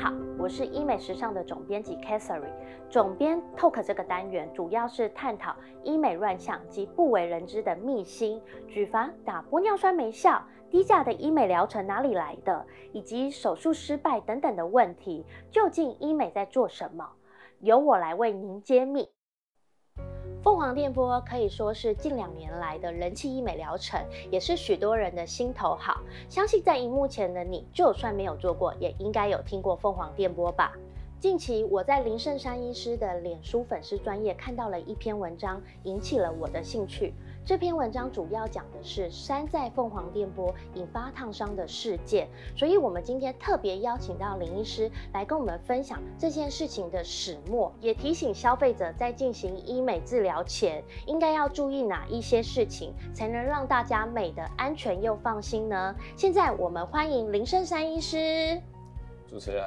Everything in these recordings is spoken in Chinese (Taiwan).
好，我是醫美時尚的總編輯 Katherine。總編 Talk 這個單元主要是探討醫美亂象及不為人知的祕辛，舉凡，打玻尿酸沒效、低價的醫美療程哪裡來的，以及手術失敗等等的問題。究竟醫美在做什麼？由我來為您揭秘。鳳凰電波可以說是近兩年來的人氣醫美療程，也是許多人的心頭好。相信在熒幕前的你，就算沒有做過，也應該有聽過鳳凰電波吧？近期我在林聖山醫師的臉書粉絲專頁看到了一篇文章，引起了我的興趣。這篇文章主要講的是山寨鳳凰電波引發燙傷的事件，所以，我們今天特別邀請到林醫師來跟我們分享這件事情的始末，也提醒消費者在進行醫美治療前應該要注意哪一些事情，才能讓大家美的安全又放心呢？現在，我們歡迎林聖山醫師。主持人，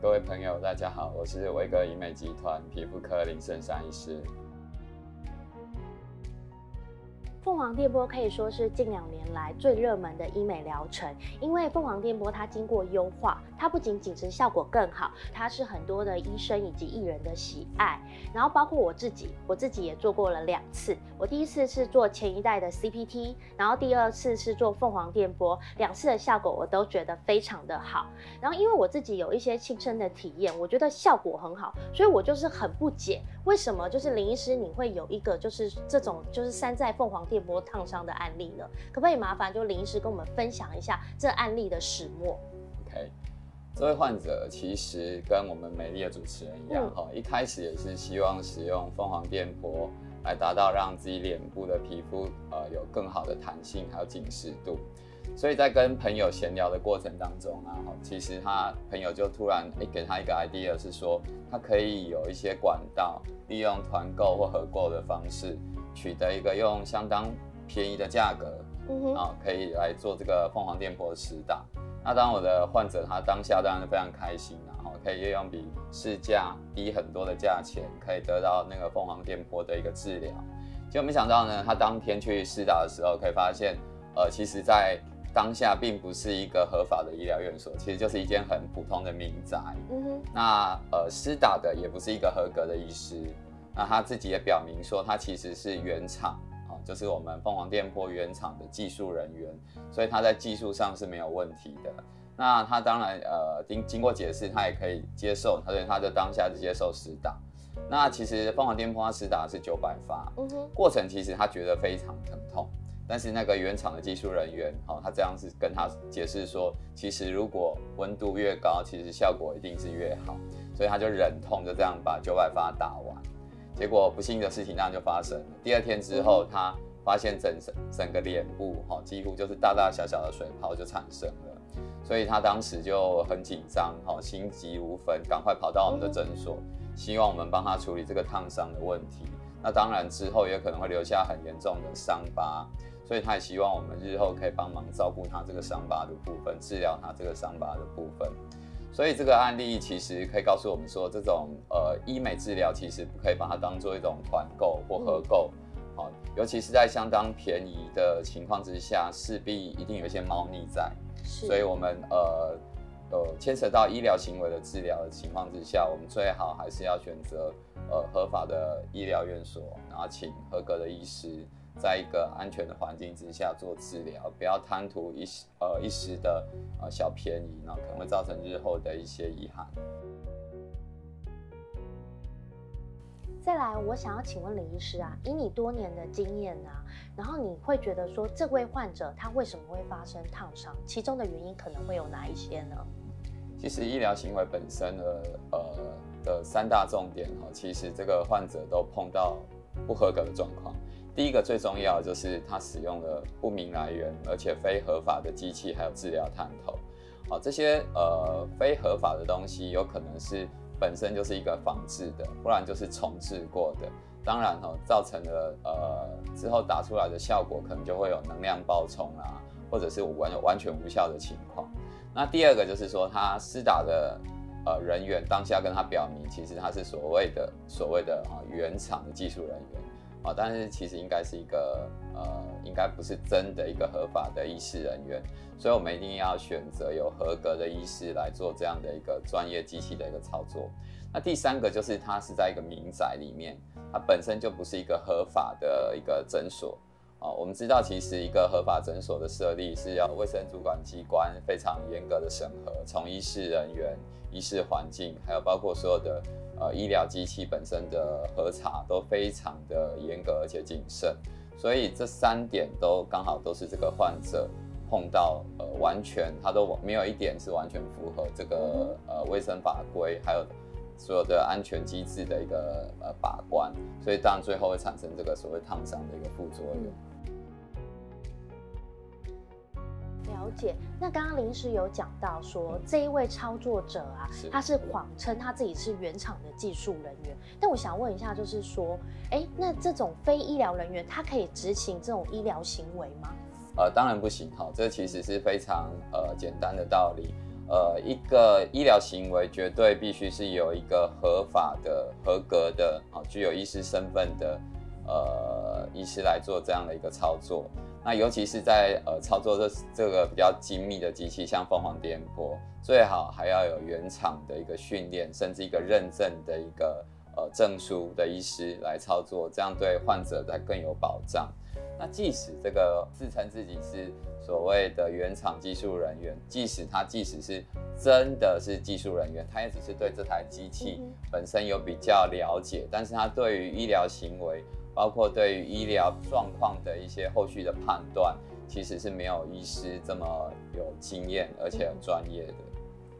各位朋友，大家好，我是維格醫美集團皮膚科林聖山醫師。鳳凰電波可以說是近兩年來最熱門的醫美療程，因為鳳凰電波它經過優化，它不僅僅是效果更好，它是很多的醫生以及藝人的喜愛，然後包括我自己，我自己也做過了兩次，我第一次是做前一代的 CPT，然後第二次是做鳳凰電波，兩次的效果我都覺得非常的好，然後因為我自己有一些親身的體驗，我覺得效果很好，所以我就是很不解，為什麼就是林醫師你會有一個就是這種就是山寨鳳凰。電波燙傷的案例呢，可不可以麻煩就臨時跟我們分享一下這案例的始末？OK，這位患者其實跟我們美麗的主持人一樣哈，嗯、一開始也是希望使用鳳凰電波來達到讓自己臉部的皮膚呃有更好的彈性還有緊實度，所以在跟朋友閒聊的過程當中啊，其實他朋友就突然誒給他一個 idea 是說，他可以有一些管道，利用團購或合購的方式。取得一個用相當便宜的價格，啊，嗯哼，哦，可以來做這個鳳凰電波的施打。那當我的患者他當下當然非常開心，然後可以用比市價低很多的價錢，可以得到那個鳳凰電波的一個治療。結果沒想到呢，他當天去施打的時候，可以發現，呃，其實在當下並不是一個合法的醫療院所，其實就是一間很普通的民宅。嗯哼。那呃，施打的也不是一個合格的醫師。那他自己也表明說，他其實是原廠啊、哦，就是我們鳳凰電波原廠的技術人員，所以他在技術上是沒有問題的。那他當然呃經經過解釋，他也可以接受，所以他就當下就接受施打。那其實鳳凰電波他施打的是九百發，嗯哼。過程其實他覺得非常疼痛，但是那個原廠的技術人員哦，他這樣子跟他解釋說，其實如果溫度越高，其實效果一定是越好，所以他就忍痛就這樣把九百發打完。結果不幸的事情那就發生了。第二天之後，他發現整整整個臉部哈、哦，幾乎就是大大小小的水泡就產生了。所以他當時就很緊張哈、哦，心急如焚，趕快跑到我們的診所，希望我們幫他處理這個燙傷的問題。那當然之後也可能會留下很嚴重的傷疤，所以他也希望我們日後可以幫忙照顧他這個傷疤的部分，治療他這個傷疤的部分。所以這個案例其實可以告訴我們說，這種呃醫美治療其實不可以把它當做一種團購或合購，好、嗯，尤其是在相當便宜的情況之下，勢必一定有一些貓膩在。是，所以我們呃呃，牽扯到醫療行為的治療的情況之下，我們最好還是要選擇呃合法的醫療院所，然後請合格的醫師。在一個安全的環境之下做治療，不要貪圖一時呃一時的、呃、小便宜，然後可能會造成日後的一些遺憾。再來，我想要請問林醫師啊，以你多年的經驗呢、啊，然後你會覺得說，這位患者他為什麼會發生燙傷？其中的原因可能會有哪一些呢？其實醫療行為本身呃呃的三大重點哈、啊，其實這個患者都碰到不合格的狀況。第一個最重要的就是它使用的不明來源，而且非合法的機器，還有治療探頭，哦，這些呃非合法的東西有可能是本身就是一個仿製的，不然就是重製過的。當然哦，造成了呃之後打出來的效果可能就會有能量暴衝啊，或者是完完全無效的情況。那第二個就是說，他施打的呃人員當下跟他表明，其實他是所謂的所謂的啊、呃、原廠的技術人員。啊、哦，但是其實應該是一個呃，應該不是真的一個合法的醫事人員，所以我們一定要選擇有合格的醫師來做這樣的一個專業機器的一個操作。那第三個就是它是在一個民宅裡面，它本身就不是一個合法的一個診所啊、哦。我們知道，其實一個合法診所的設立是要衛生主管機關非常嚴格的審核，從醫事人員、醫事環境，還有包括所有的。呃，醫療機器本身的核查都非常的嚴格，而且謹慎，所以這三點都剛好都是這個患者，碰到，呃，完全他都沒有一點是完全符合這個呃衛生法規，還有所有的安全機制的一個呃把關，所以當然最後會產生這個所謂燙傷的一個副作用。嗯了解，那剛剛林醫師有講到說、嗯、這一位操作者啊，是他是謊稱他自己是原廠的技術人員，但我想問一下，就是說，誒、欸，那這種非醫療人員，他可以執行這種醫療行為嗎？呃，當然不行哈、哦，這其實是非常呃簡單的道理，呃，一個醫療行為絕對必須是有一個合法的、合格的啊、哦，具有醫師身份的呃醫師來做這樣的一個操作。那尤其是在呃操作這這個比較精密的機器，像鳳凰電波，最好還要有原廠的一個訓練，甚至一個認證的一個呃證書的醫師來操作，這樣對患者，才更有保障。那即使這個自稱自己是所謂的原廠技術人員，即使他即使是真的是技術人員，他也只是對這台機器本身有比較了解，但是他對於醫療行為，包括對於醫療狀況的一些後續的判斷，其實是沒有醫師這麼有經驗而且專業的。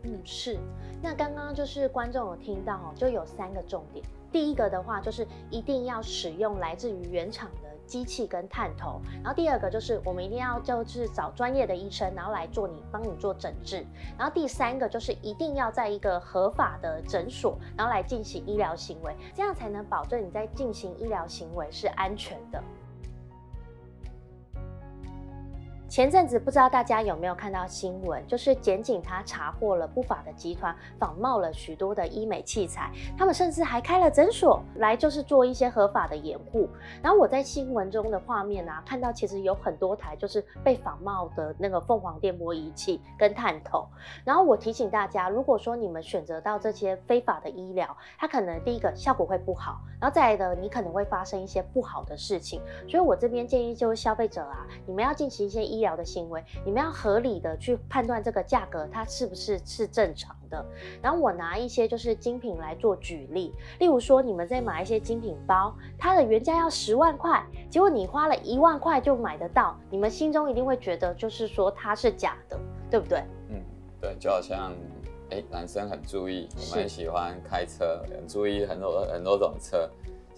嗯，是。那剛剛就是觀眾有聽到，就有三個重點。第一個的話就是一定要使用來自於原廠的。機器跟探頭，然後第二個就是我們一定要就是找專業的醫生，然後來做你，幫你做診治，然後第三個就是一定要在一個合法的診所，然後來進行醫療行為，這樣才能保證你在進行醫療行為是安全的。前陣子不知道大家有沒有看到新聞，就是檢警他查獲了不法的集團仿冒了許多的醫美器材，他們甚至還開了診所來就是做一些合法的掩護。然後我在新聞中的畫面啊，看到其實有很多台就是被仿冒的那個鳳凰電波儀器跟探頭。然後我提醒大家，如果說你們選擇到這些非法的醫療，它可能第一個效果會不好，然後再來的你可能會發生一些不好的事情。所以我這邊建議就是消費者啊，你們要進行一些醫療。醫療的行為，你們要合理的去判斷這個價格它是不是是正常的。然後我拿一些就是精品來做舉例，例如說你們在買一些精品包，它的原價要十萬塊，結果你花了一萬塊就買得到，你們心中一定會覺得就是說它是假的，對不對？嗯，對，就好像誒，男生很注意，你們很喜歡開車，是很注意很多很多種車。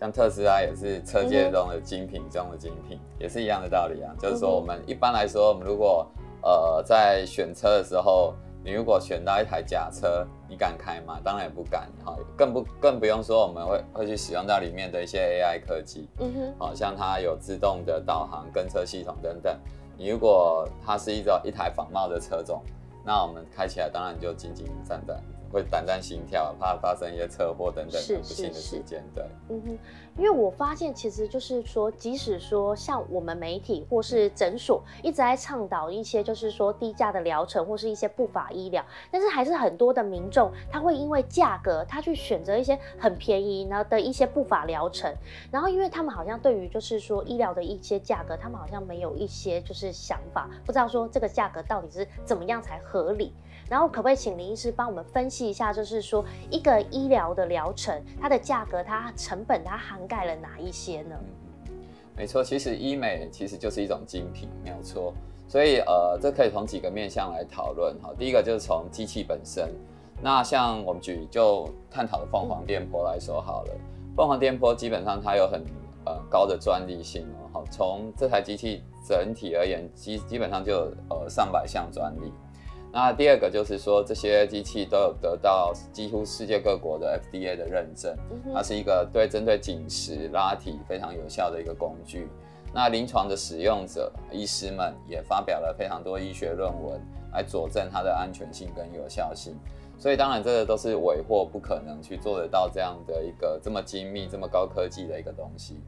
像特斯拉、啊、也是車界中的精品中，嗯、哼的精品，也是一樣的道理啊。嗯、哼就是說，我們一般來說，我們如果呃在選車的時候，你如果選到一台假車，你敢開嗎？當然也不敢哈，更不更不用說我們會會去使用到裡面的一些 AI 科技。嗯哼，哦，像它有自動的導航跟車系統等等，你如果它是一種一台仿冒的車種，那我們開起來當然就兢兢戰戰。會膽戰心跳，怕發生一些車禍等等很不幸的事件。是是是對，嗯哼，因為我發現，其實就是說，即使說像我們媒體或是診所一直在倡導一些，就是說低價的療程或是一些不法醫療，但是還是很多的民眾他會因為價格，他去選擇一些很便宜呢的一些不法療程。然後，因為他們好像對於就是說醫療的一些價格，他們好像沒有一些就是想法，不知道說這個價格到底是怎麼樣才合理。然後可不可以請林醫師幫我們分析一下？就是說，一個醫療的療程，它的價格、它成本、它涵蓋了哪一些呢？嗯、沒錯，其實醫美其實就是一種精品，沒有錯。所以呃，這可以從幾個面向來討論哈。第一個就是從機器本身，那像我們舉就探討的鳳凰電波來說好了。鳳凰電波基本上它有很呃高的專利性哦。好，從這台機器整體而言，基基本上就有呃上百項專利。那第二個就是說，這些機器都有得到幾乎世界各國的 FDA 的認證，它是一個對針對緊實拉提非常有效的一個工具。那臨床的使用者，醫師們也發表了非常多醫學論文來佐證它的安全性跟有效性。所以當然，這個都是偽貨，不可能去做得到這樣的一個這麼精密、這麼高科技的一個東西。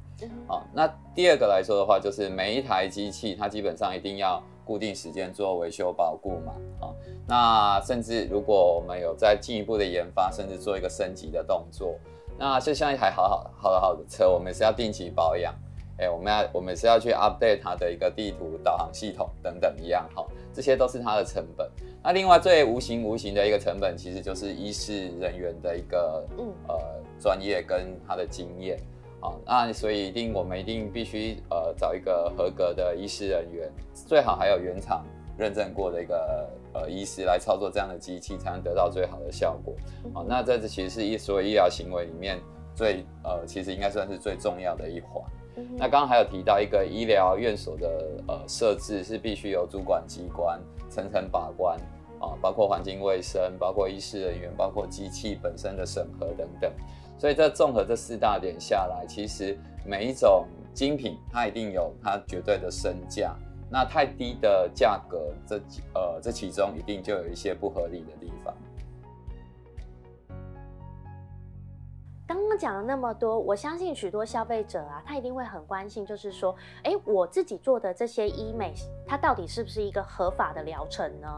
好、哦，那第二個來說的話，就是每一台機器它基本上一定要。固定時間做維修保固嘛，哦、那甚至如果我們有再進一步的研發，甚至做一個升級的動作，那就像一台好好的好的好的車，我們是要定期保養，哎、欸，我們要我們是要去 update 它的一個地圖導航系統等等一樣，哈、哦，這些都是它的成本。那另外最無形無形的一個成本，其實就是醫事人員的一個，嗯，呃，專業跟他的經驗。啊、哦，那所以一定我們一定必須呃找一個合格的醫師人員，最好還有原廠認證過的一個呃醫師來操作這樣的機器，才能得到最好的效果。啊、哦，那在這其實是一所謂醫療行為裡面最呃其實應該算是最重要的一環。嗯、哼那剛剛還有提到一個醫療院所的呃設置是必須由主管機關層層把關啊、呃，包括環境衛生，包括醫師人員，包括機器本身的審核等等。所以這綜合這四大點下來，其實每一種精品它一定有它絕對的身價，那太低的價格，這幾呃這其中一定就有一些不合理的地方。剛剛講了那麼多，我相信許多消費者啊，他一定會很關心，就是說，誒，我自己做的這些醫美，它到底是不是一個合法的療程呢？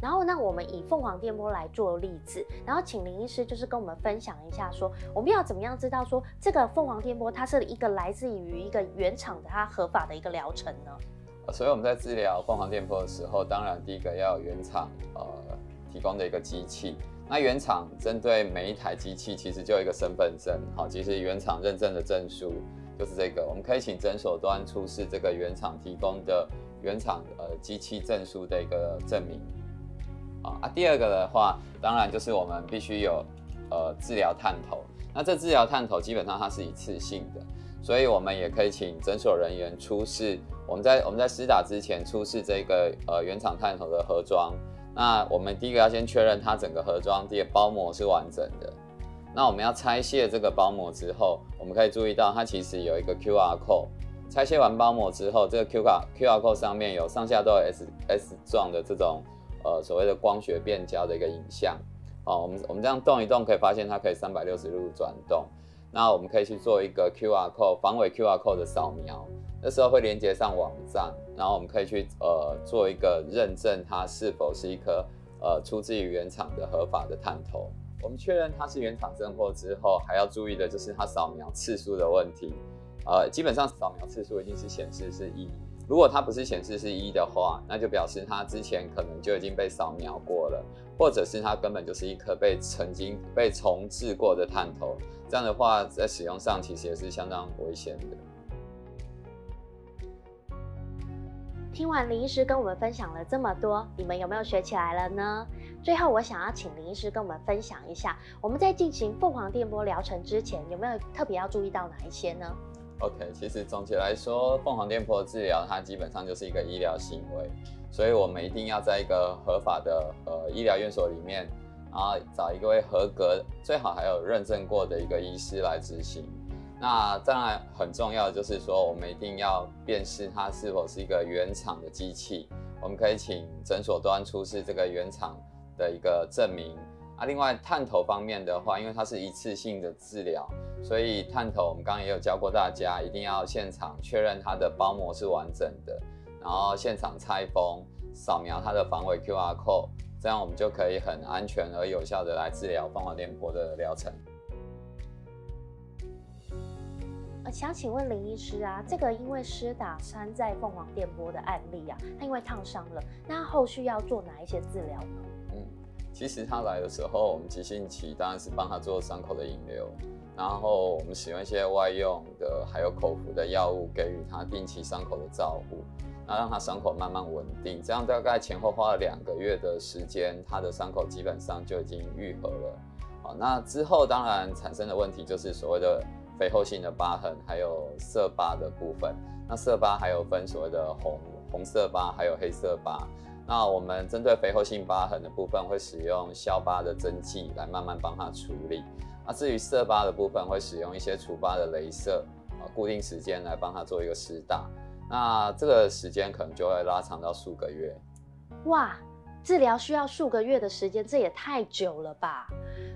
然後，那我們以鳳凰電波來做例子，然後請林醫師就是跟我們分享一下，說我們要怎麼樣知道說這個鳳凰電波它是一個來自於一個原廠的它合法的一個療程呢？所以我們在治療鳳凰電波的時候，當然第一個要原廠呃提供的一個機器。那原廠針對每一台機器，其實就有一個身份證，好，其實原廠認證的證書就是這個。我們可以請診所端出示這個原廠提供的原廠呃機器證書的一個證明。好啊，第二個的話，當然就是我們必須有呃治療探頭。那這治療探頭基本上它是一次性的，所以我們也可以請診所人員出示。我們在我們在施打之前出示這個呃原廠探頭的盒裝。那我們第一個要先確認它整個盒裝的包膜是完整的。那我們要拆卸這個包膜之後，我們可以注意到它其實有一個 QR code。拆卸完包膜之後，這個 QR QR code 上面有，上下都有 S S 狀的這種呃所謂的光學變焦的一個影像。哦，我們我們這樣動一動，可以發現它可以三百六十度轉動。那我們可以去做一個 QR code 防偽 QR code 的掃描，那時候會連接上網站。然後我們可以去呃做一個認證，它是否是一顆呃出自於原廠的合法的探頭。我們確認它是原廠正貨之後，還要注意的就是它掃描次數的問題。呃，基本上掃描次數一定是顯示是一，如果它不是顯示是一的話，那就表示它之前可能就已經被掃描過了，或者是它根本就是一顆被曾經被重置過的探頭。這樣的話，在使用上其實也是相當危險的。聽完林醫師跟我們分享了這麼多，你們有沒有學起來了呢？最後我想要請林醫師跟我們分享一下，我們在進行鳳凰電波療程之前，有沒有特別要注意到哪一些呢？OK，其實總結來說，鳳凰電波治療它基本上就是一個醫療行為，所以我們一定要在一個合法的呃醫療院所裡面，然後啊找一位合格，最好還有認證過的一個醫師來執行。那當然很重要的就是說，我們一定要辨識它是否是一個原廠的機器。我們可以請診所端出示這個原廠的一個證明。啊，另外探頭方面的話，因為它是一次性的治療，所以探頭我們剛剛也有教過大家，一定要現場確認它的包膜是完整的，然後現場拆封，掃描它的防偽 QR code，這樣我們就可以很安全而有效的來治療鳳凰電波的療程。想請問林醫師啊，這個因為施打山寨鳳凰電波的案例啊，他因為燙傷了，那他後續要做哪一些治療呢？嗯，其實他來的時候，我們急性期當然是幫他做傷口的引流，然後我們使用一些外用的，還有口服的藥物，給予他定期傷口的照顧，那讓他傷口慢慢穩定。這樣大概前後花了兩個月的時間，他的傷口基本上就已經愈合了。好，那之後當然產生的問題就是所謂的。肥厚性的疤痕，還有色疤的部分。那色疤還有分所謂的紅紅色疤，還有黑色疤。那我們針對肥厚性疤痕的部分，會使用消疤的針劑來慢慢幫它處理。那、啊、至於色疤的部分，會使用一些除疤的雷射啊，固定時間來幫它做一個施打。那這個時間可能就會拉長到數個月。哇，治療需要數個月的時間，這也太久了吧？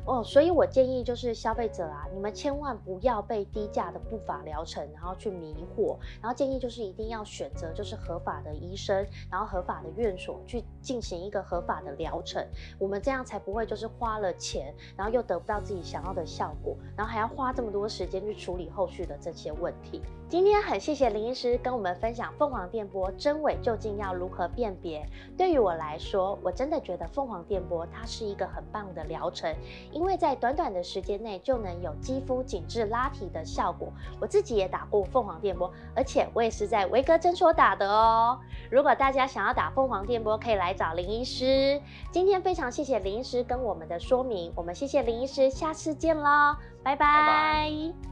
哦，oh, 所以，我建議就是消費者啊，你們千萬不要被低價的不法療程，然後去迷惑。然後建議就是一定要選擇就是合法的醫生，然後合法的院所去進行一個合法的療程。我們這樣才不會就是花了錢，然後又得不到自己想要的效果，然後還要花這麼多時間去處理後續的這些問題。今天很謝謝林醫師跟我們分享鳳凰電波真偽究竟要如何辨別。對於我來說，我真的覺得鳳凰電波它是一個很棒的療程。因為在短短的時間內就能有肌膚緊緻拉提的效果，我自己也打過鳳凰電波，而且我也是在維格診所打的哦。如果大家想要打鳳凰電波，可以來找林醫師。今天非常謝謝林醫師跟我們的說明，我們謝謝林醫師，下次見嘍，拜拜。拜拜。